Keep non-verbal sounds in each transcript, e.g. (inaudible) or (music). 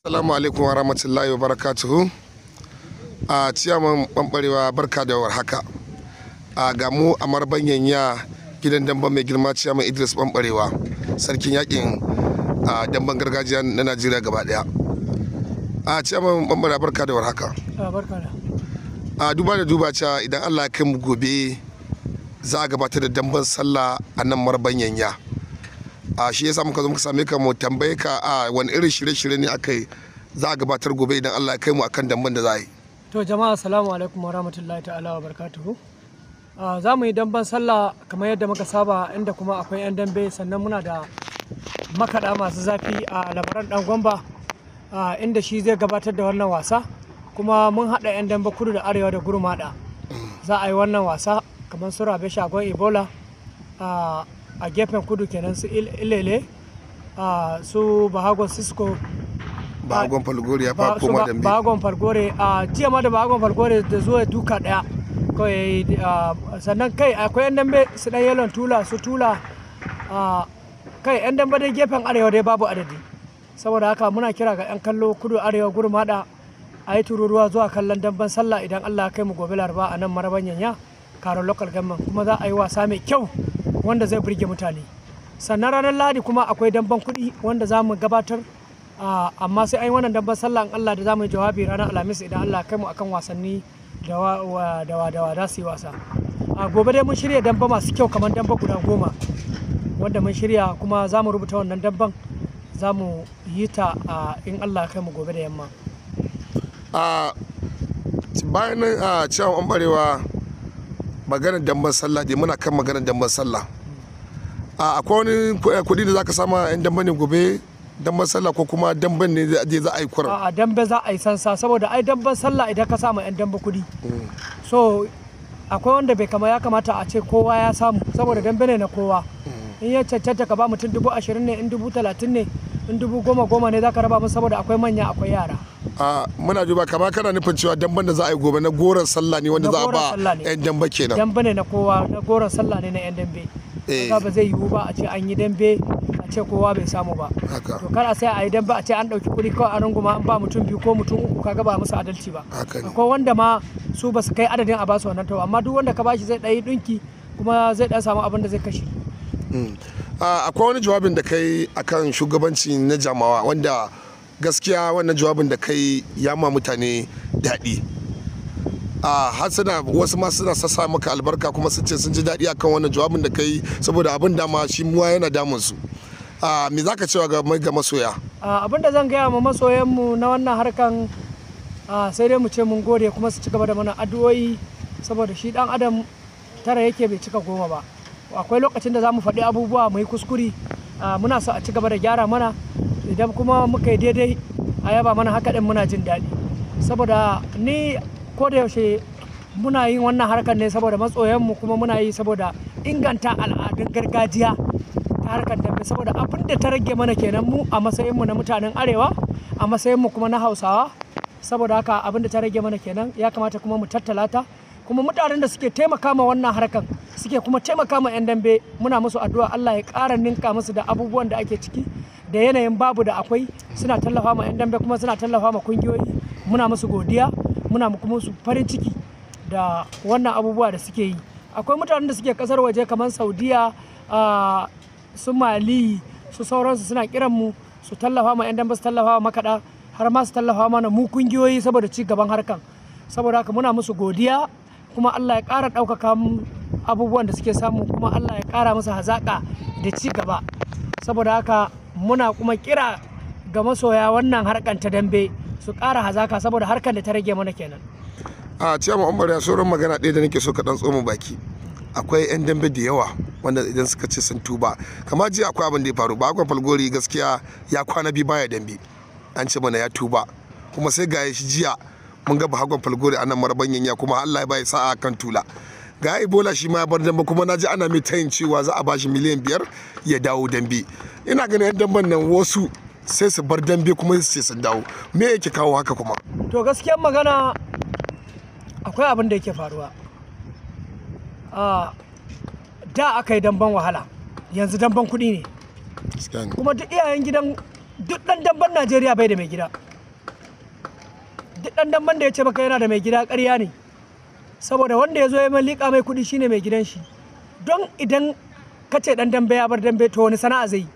Assalamu alaikum wa rahmatullahi wa barakatuhu. A ciyaman bambarewa barka da warhaka. A ga mu a marbanyan ya gidan damban mai girma ciyaman Idris bambarewa sarkin yakin damban gargajiya na Najeriya gaba daya. A ciyaman bambarewa barka da warhaka. A duba da duba cewa idan Allah ya kai mu gobe za a gabatar da damban sallah a nan marbanyan ya. a shi yasa muka zo muka same ka mu tambaye ka a wani irin shirye-shirye ne aka yi za a gabatar gobe idan Allah ya kai mu akan damban da za a yi to jama'a assalamu alaikum rahmatullahi ta'ala wa barakatuhu za mu yi damben sallah kamar yadda muka saba inda kuma akwai yan dambe sannan muna da makaɗa masu zafi a labaran dan gwamba inda shi zai gabatar da wannan wasa kuma mun haɗa yan dambe kudu da arewa da gurmaɗa za a yi wannan wasa kamar su rabe shagon ebola a gefen kudu kenan su ilele su bahagon cisco bahagon falgore ya fako koma bahagon falgore a jiya ma da bahagon falgore da zuwa duka daya kai sannan kai akwai yan dambe su dan yalon tula su tula kai yan dambe dai gefen arewa dai babu adadi saboda haka muna kira ga yan kallo kudu arewa da a yi tururuwa zuwa kallon damben sallah idan allah kai mu gobe laraba a nan maraban yanya karo local government kuma za a yi wasa mai kyau wanda zai burge mutane sannan ranar Ladi kuma akwai damban kuɗi wanda za mu gabatar amma sai an yi wannan damban sallah allah da za mu jawabi ranar alhamis idan allah kai mu akan wasanni da dawa da su yi wasa a gobe dai mun shirya damba masu kyau kamar damba guda goma wanda mun shirya kuma za mu rubuta wannan damban za mu yi ta in allah kai mu gobe da yamma bayan nan a cewa an maganar damban sallah dai muna kan maganar damban sallah a akwai wani eh, kuɗi da zaka sama yan damban ne gobe damban sallah ko kuma damban ne je za a yi kuran a dambe za a yi sansa saboda ai damban sallah idan ka sama yan damba kuɗi so akwai wanda bai kama ya kamata a ce kowa ya samu saboda dambe ne na kowa in ya cancanta ka ba mutum dubu ashirin ne in dubu talatin ne in dubu goma goma ne zaka raba mu saboda akwai manya akwai yara muna duba kama kana nufin cewa damban da za a yi gobe na goron sallah ne wanda za a ba yan damba kenan damba ne na kowa na goron sallah ne na yan dambe eh. ba zai yiwu ba a ce an yi dambe a ce kowa bai samu ba to kar a sai a yi dambe a ce an dauki kuɗi kawai a runguma an ba mutum biyu ko mutum uku kaga ba musu adalci ba akwai wanda ma su ba su kai adadin a basu wannan to amma duk wanda ka bashi zai ɗayi ɗinki kuma zai ɗan samu abin da zai kashe hmm. akwai wani jawabin da kai akan shugabanci na jamawa wanda gaskiya wannan jawabin da kai ya ma mutane daɗi a har wasu ma suna sassa maka albarka kuma sun ce sun ji daɗi akan wannan jawabin da kai saboda abin dama shi muwa yana damun su me zaka cewa ga ga masoya abin da zan gaya ma masoyan mu na wannan harkan sai dai mu ce mun gode kuma su ci gaba da mana addu'o'i saboda shi dan adam tara yake bai cika goma ba akwai lokacin da za mu faɗi abubuwa mu kuskuri muna so a ci gaba da gyara mana idan kuma muka yi daidai a yaba mana haka ɗin muna jin daɗi saboda ni ko da yaushe muna yin wannan harkar ne saboda mu kuma muna yi saboda inganta al'adun gargajiya ta harkar dambe saboda abin da ta rage mana kenan mu a matsayinmu na mutanen arewa a matsayinmu kuma na hausawa saboda haka abin da ta rage mana kenan ya kamata kuma mu tattala ta kuma mutanen da suke taimaka ma wannan harkar suke kuma taimaka ma 'yan dambe muna musu addu'a Allah ya ƙara ninka musu da abubuwan da ake ciki da yanayin babu da akwai suna tallafa ma 'yan dambe kuma suna tallafa ma kungiyoyi muna musu godiya muna kuma musu farin ciki da wannan abubuwa da suke yi akwai mutanen da suke kasar waje kamar saudiya ah, su mali su sauransu suna kiran mu su tallafa ma 'yan dambe su tallafa ma makaɗa har ma su tallafa mana mu kungiyoyi saboda ci gaban harkan saboda haka muna musu godiya kuma Allah ya ƙara ɗaukaka abubuwan da suke samu kuma Allah ya ƙara musu hazaƙa da ci gaba saboda haka muna kuma kira ga masoya wannan harkan ta dambe su kara hazaka saboda harkan da ta rage mana kenan a ciyama umar ya sauran magana ɗaya da nake so ka dan tsoma baki akwai 'yan dambe da yawa wanda idan suka ce sun tuba kama jiya akwai abin da ya faru ba akwai falgori gaskiya ya kwana biyu baya dambe an ce mana ya tuba kuma sai ga shi jiya mun ga bahagon falgori a nan marabanyan ya kuma allah ya bai sa'a kan tula ga ebola shi ma ya bar dambe kuma naji ana mai tayin cewa za a bashi miliyan biyar ya dawo dambe ina ganin yan damben nan wasu sai su bar dambe kuma sai su dawo me yake kawo haka kuma to gaskiyar magana akwai abin da yake faruwa da aka yi damban wahala yanzu damban kuɗi ne kuma duk iyayen gidan duk ɗan damban najeriya bai da mai gida duk ɗan damban da ya ce baka yana da mai gida ƙarya ne saboda wanda ya zo ya liƙa mai kuɗi shine mai gidan shi don idan ka ce dan dambe ya bar dambe to wani sana'a zai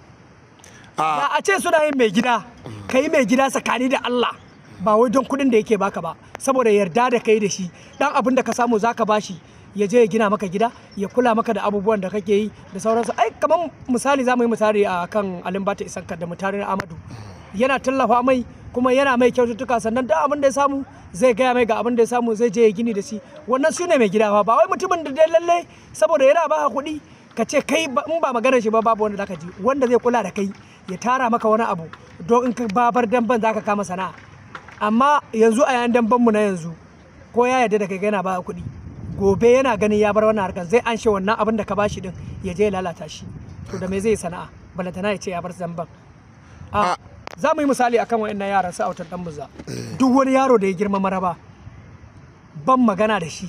ba a ce suna yin mai gida ka yi mai gida tsakani da Allah ba wai don kuɗin da yake baka ba saboda yarda da kai da shi dan abin da ka samu za ka bashi ya je ya gina maka gida ya kula maka da abubuwan da kake yi da sauransu ai kamar misali za mu yi misali a kan alimbata ka da mutarin amadu yana tallafa mai kuma yana mai kyaututtuka sannan duk abin da ya samu zai gaya mai ga abin da ya samu zai je ya gini da shi wannan su ne mai gida ba wai mutumin da dai lalle saboda yana baka kuɗi ka ce kai in ba maganar shi ba babu wanda zaka ji wanda zai kula da kai ya tara maka wani abu don in ka babar damban zaka kama sana'a amma yanzu a yayin damban mu na yanzu ko ya yarda da kai yana baka kuɗi gobe yana ganin ya bar wannan harkar zai anshe wannan abin da ka bashi din ya je ya lalata shi to da me zai sana'a balantana ya ce ya bar zamban a za mu yi misali akan wayannan yaran su autar dan buza duk wani yaro da ya girma maraba ban magana da shi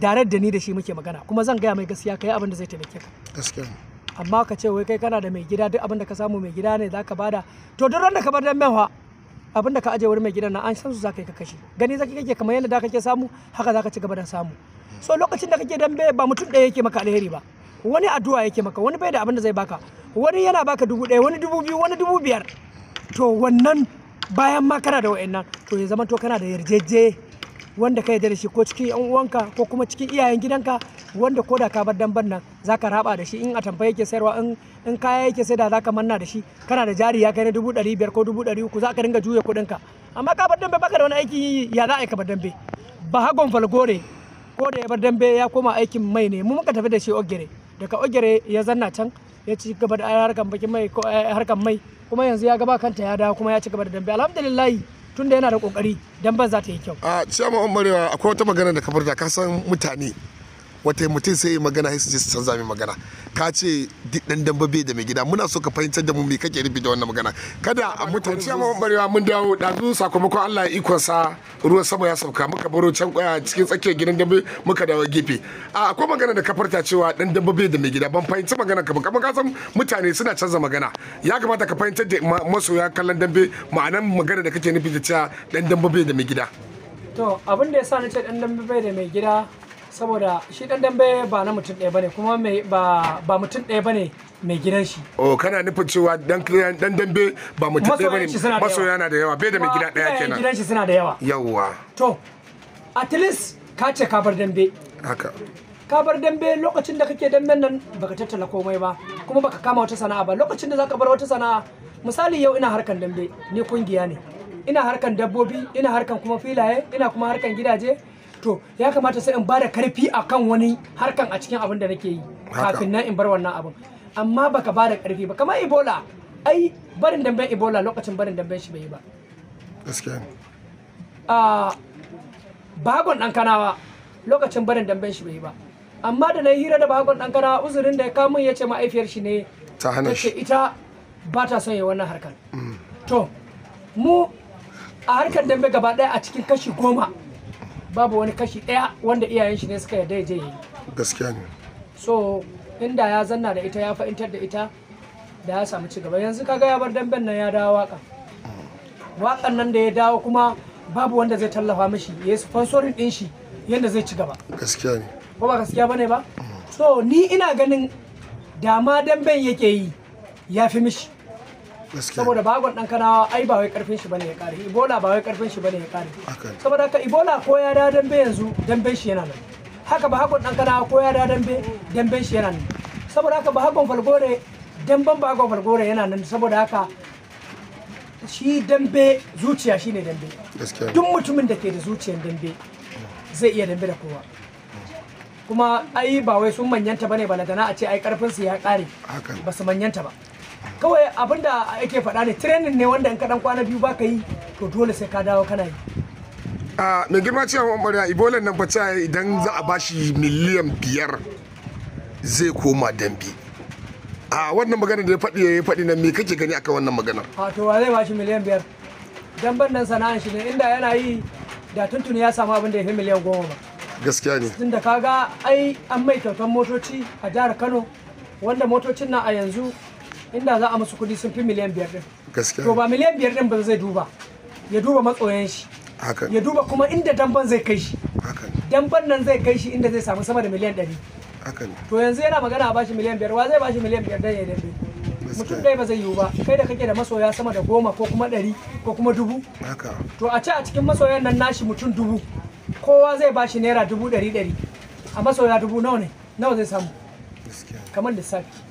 dare da ni da shi muke magana kuma zan gaya mai gaskiya kai abin da zai taimake ka gaskiya amma ka ce wai kai kana da mai gida duk abin da ka samu mai gida ne zaka bada to duk da ka bar dan menwa abin da ka aje wurin mai gidan nan an san su zaka yi ka kashe gani zaki kake kamar yadda da kake samu haka zaka ci gaba da samu so lokacin da kake bai ba mutum ɗaya yake maka alheri ba wani addu'a yake maka wani bai da abin da zai baka wani yana baka dubu ɗaya wani dubu biyu wani dubu biyar to wannan bayan ma kana da wa'annan to ya zama to kana da yarjeje wanda ka yarda da shi ko cikin yan uwanka ko kuma cikin iyayen gidanka wanda ko da ka bar damban nan zaka raba da shi in a tamfa yake sayarwa in in kaya yake sai da zaka manna da shi kana da jari ya kai na dubu ɗari biyar ko dubu ɗari uku zaka dinga juya kuɗinka amma ka bar dambe baka da wani aiki ya za a yi ka bar dambe ba hagon falgore ko da ya bar dambe ya koma aikin mai ne mu muka tafi da shi ogere daga ogere ya zanna can ya ci gaba da harkan bakin mai ko eh, harkan mai kuma yanzu ya gaba kanta ya dawo kuma ya ci gaba da dambe alhamdulillah tunda yana da kokari damben za ta yi kyau a ciyama marewa akwai wata magana da kafar da ka san mutane wata mutum sai magana sai su su canza mai magana ka ce dan dan babe da mai gida muna so ka fahimtar da mu me kake rubi da wannan magana kada a mutane ciya mu barewa mun dawo da zu sakamakon Allah ya iko sa ruwan sama ya sauka muka baro can kwaya eh, cikin tsakiyar gidan dambe muka dawo gefe a akwai magana da ka farta cewa dan dan babe da mai gida ban fahimci magana ka ba kamar ka san mutane suna canza magana ya kamata ka fahimtar da masoya kallon dambe ma'anan magana da kake nufi da cewa dan dan babe da mai gida to abin da ni ce dan dan babe da mai gida saboda shi dan dambe ba na mutum ɗaya bane kuma ba mutum ɗaya bane mai gidan shi oh kana nufin cewa dan dan dambe ba mutum ɗaya bane masoya na da yawa bai da mai gida ɗaya kenan gidan shi suna da yawa yawa to at least ka ce ka bar dambe haka ka bar dambe lokacin da kake damben nan baka tattala komai ba kuma baka kama wata sana'a ba lokacin da zaka bar wata sana'a misali yau ina harkan dambe ni kungiya ne ina harkan dabbobi ina harkan kuma filaye ina kuma harkan gidaje to ya kamata sai in ba da karfi akan wani harkan a cikin abin da nake yi kafin nan in bar wannan abin amma baka ba da karfi ba kamar ebola ai barin damben ebola lokacin barin damben shi bai yi ba gaskiya a bagon dan kanawa lokacin barin damben shi bai yi ba amma da na hira da bagon dan kanawa uzurin da ya kamun ya ce ma'aifiyar shi ne ta hana shi ita ba ta son yi wannan harkan. Mm. to mu a harkar dambe gaba daya a cikin kashi goma babu wani kashi ɗaya wanda iyayen shi ne suka yarda je yi gaskiya ne so inda ya zanna da ita ya fahimtar da ita da ya samu ci gaba yanzu kaga ya bar damben nan ya dawo waka wakan nan da ya dawo kuma babu wanda zai tallafa mishi ya yi sponsorin din shi yadda zai ci gaba gaskiya ne ko ba gaskiya bane ba so ni ina ganin dama damben yake yi ya fi mishi saboda bagon dan kanawa ai ba wai karfin shi bane ya kare ibola ba wai karfin shi bane ya kare saboda haka ibola ko ya da dambe yanzu dambe shi yana nan haka ba hakon dan kanawa ko ya da dambe dambe shi yana nan saboda haka ba hakon falgore damben ba hakon falgore yana nan saboda haka shi dambe zuciya shine dambe duk mutumin da ke da zuciyar dambe zai iya dambe da kowa kuma ai ba wai sun manyanta bane balatana a ce ai karfin su ya kare ba su manyanta ba kawai abinda ake faɗa ne training ne wanda in ka kwana biyu baka yi to dole sai ka dawo kana yi a mai girma cewa mamariya ibolan nan fa idan za a bashi miliyan biyar zai koma dambe a wannan magana da ya faɗi ya faɗi nan me kake gani akan wannan maganar a to wa zai bashi miliyan biyar damben nan sana'an shi ne inda yana yi da tuntuni ya samu abin da ya fi miliyan goma ba gaskiya ne tunda kaga ai an mai kyautar motoci a jihar kano wanda motocin nan a yanzu inda za a musu kudi sun fi miliyan biyar din gaskiya to ba miliyan biyar din ba zai duba ya duba matsoyan shi ya duba kuma inda damban zai kai shi damban nan zai kai shi inda zai samu sama da miliyan ɗari to yanzu yana magana a bashi miliyan biyar wa zai bashi miliyan biyar dan ya dambe mutum dai ba zai yiwu ba kai da kake da masoya sama da goma ko kuma ɗari ko kuma dubu to a ce a cikin masoyan nan nashi mutum dubu kowa zai bashi naira dubu ɗari ɗari a masoya dubu nawa ne nawa zai samu kamar lissafi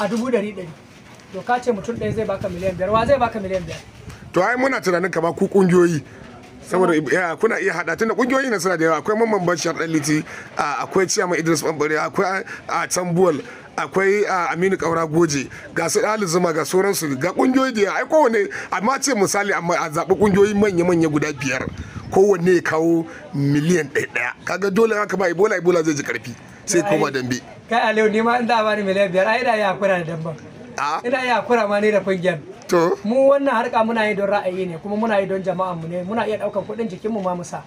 a dubu ɗari ɗari to ka ce mutum ɗaya zai baka miliyan biyar wa zai baka miliyan biyar to ai muna tunanin kama ku kungiyoyi saboda kuna iya hada tunda kungiyoyi na suna da yawa akwai mamman bashar dan liti akwai ciyama idris bambare akwai a tambuwal akwai aminu kaura goje ga su ali zuma ga sauransu ga kungiyoyi da ai kowane amma ce misali amma a zaɓi kungiyoyi manya-manya guda biyar kowanne ya kawo miliyan ɗaya kaga dole haka ba ibola ibola zai ji karfi sai koma dambe kai aliyu ni ma inda da bani miliyan biyar ai da ya kura da damban ina y'a kura ma ne da kungiyar to mu wannan harka muna yi don ra'ayi ne kuma muna yi don jama'an mu ne muna iya daukan kuɗin jikinmu ma musa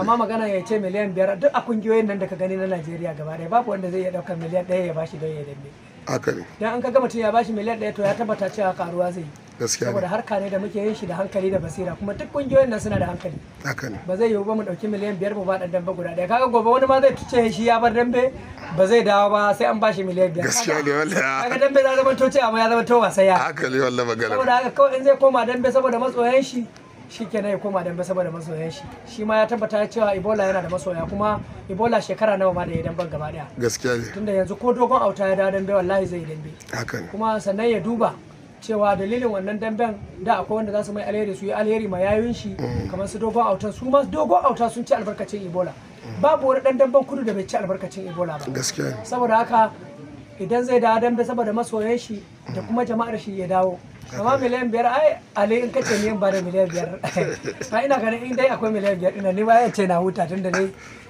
amma magana ya ce miliyan biyar duk a kungiyoyin nan da ka gani na Najeriya gaba ɗaya babu wanda zai iya daukan miliyan ɗaya ya bashi don ya dambe haka ne dan an ka ga mutum ya bashi miliyan ɗaya to ya tabbata cewa karuwa zai yi gaskiya saboda harka ne da muke yin shi da hankali da basira kuma duk kungiyoyin nan suna da hankali haka ne ba zai yiwu ba mu dauki miliyan biyar mu ba dan dambe guda daya kaga gobe wani ma zai ce shi ya bar dambe ba zai dawo ba sai an bashi miliyan biyar gaskiya ne wallahi kaga dambe za zama to ce amma ya zama to wasaya haka ne wallahi magana saboda haka kawai in zai koma dambe saboda matsoyan shi shi kenan ya koma dambe saboda masoyan shi shi ma ya tabbata cewa ebola yana da masoya kuma ebola shekara nawa ma da ya damban gaba daya gaskiya ne tunda yanzu ko dogon auta ya dawo dambe wallahi zai dambe haka kuma sannan ya duba cewa dalilin wannan damben da akwai wanda za su mai alheri su yi alheri ma yayin shi kamar su dogon auta su ma dogon auta sun ci albarkacin ebola babu wani dan damben kudu da bai ci albarkacin ebola ba gaskiya saboda haka idan zai dawo dambe saboda masoyan shi da kuma jama'ar shi ya dawo amma miliyan biyar ai Ali in kace ni ba da miliyan biyar (laughs) ai ina ganin in dai akwai miliyan biyar ina ni ba ya ce na huta tun dai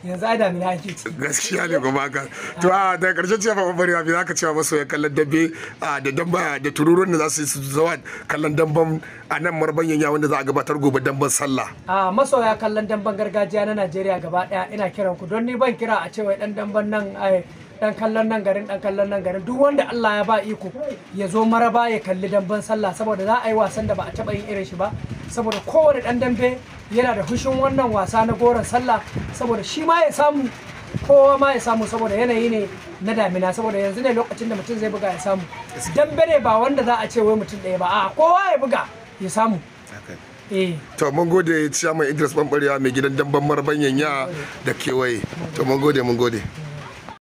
yanzu ai da mina ake ci gaskiya ne kuma haka to a da karshe ce fa bari abi zaka cewa maso ya kallon dabbe da damba da tururun da za su su zawa kallon damban a nan marbanyan ya wanda za a gabatar gobe damban sallah a masoya kallon damban gargajiya na Najeriya gaba daya ina kiran ku don ni ban kira a cewa dan damban nan ai dan kallon nan garin dan kallon nan garin duk wanda Allah ya ba iko ya zo maraba ya kalli damben sallah saboda za a yi wasan da ba a taba yin irin shi ba saboda kowane dan dambe yana da hushin wannan wasa na goron sallah saboda shi ma ya samu kowa ma ya samu saboda yanayi ne na damina saboda yanzu ne lokacin da mutum zai buga ya samu dambe ne ba wanda za a ce wai mutum ɗaya ba a kowa ya buga ya samu eh. to mun gode ciyaman idris bambariya mai gidan damben marban yanya da kewaye to mun gode mun gode